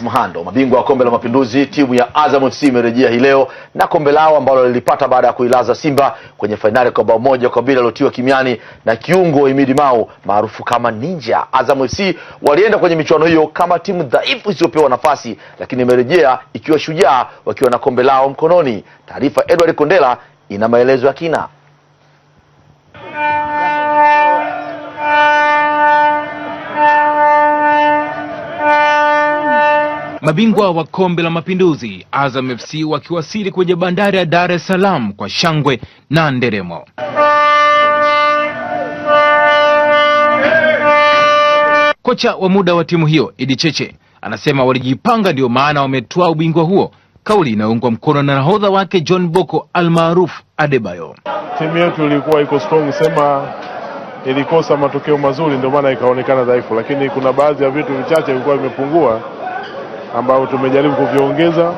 Mhando, mabingwa wa kombe la mapinduzi, timu ya Azam FC imerejea hii leo na kombe lao ambalo lilipata baada ya kuilaza Simba kwenye fainali kwa bao moja kwa bila lilotiwa kimiani na kiungo Imidi Mau maarufu kama Ninja. Azam FC walienda kwenye michuano hiyo kama timu dhaifu isiyopewa nafasi, lakini imerejea ikiwa shujaa, wakiwa na kombe lao mkononi. Taarifa Edward Kondela ina maelezo ya kina. Mabingwa wa kombe la mapinduzi Azam FC wakiwasili kwenye bandari ya Dar es Salaam kwa shangwe na nderemo. Kocha wa muda wa timu hiyo Idi Cheche anasema walijipanga, ndio maana wametwaa ubingwa huo, kauli inayoungwa mkono na nahodha wake John Boko almaarufu Adebayo. Timu yetu ilikuwa iko strong, sema ilikosa matokeo mazuri, ndio maana ikaonekana dhaifu, lakini kuna baadhi ya vitu vichache vilikuwa vimepungua ambao tumejaribu kuviongeza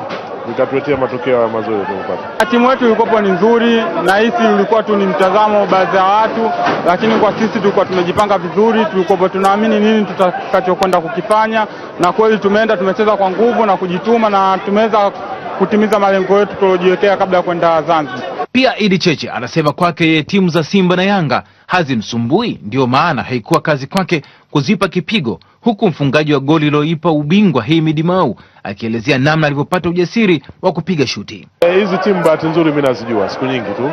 vikatuletea matokeo mazuri tuliyopata. Timu yetu ilikuwa ni nzuri, na hisi ulikuwa tu ni mtazamo baadhi ya watu, lakini kwa sisi tulikuwa tumejipanga vizuri, tulikuwa tunaamini nini tutakachokwenda kukifanya, na kweli tumeenda, tumecheza kwa nguvu na kujituma, na tumeweza kutimiza malengo yetu tuliojiwekea kabla ya kwenda Zanzibar. Pia Idi Cheche anasema kwake yeye timu za Simba na Yanga hazimsumbui, ndiyo maana haikuwa kazi kwake kuzipa kipigo huku mfungaji wa goli liloipa ubingwa Himidi Mau akielezea namna alivyopata ujasiri wa kupiga shuti. Eh, hizi e, timu bahati nzuri mimi nazijua siku nyingi tu,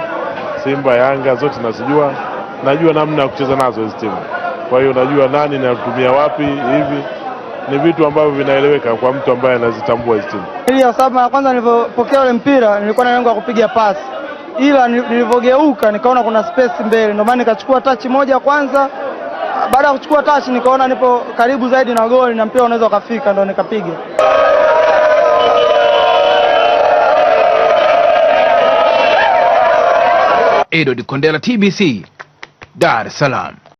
Simba, Yanga zote nazijua, najua namna ya kucheza nazo hizi timu, kwa hiyo najua nani natumia wapi hivi ni vitu ambavyo vinaeleweka kwa mtu ambaye anazitambua hizi timu. Ili sababu ya kwanza nilipopokea ule mpira nilikuwa na lengo la kupiga pasi, ila nilivyogeuka nikaona kuna space mbele, ndio maana nikachukua touch moja kwanza baada ya kuchukua tashi nikaona nipo karibu zaidi na goli na mpira unaweza ukafika, ndo nikapiga. Edward Kondela, TBC, Dar es Salaam.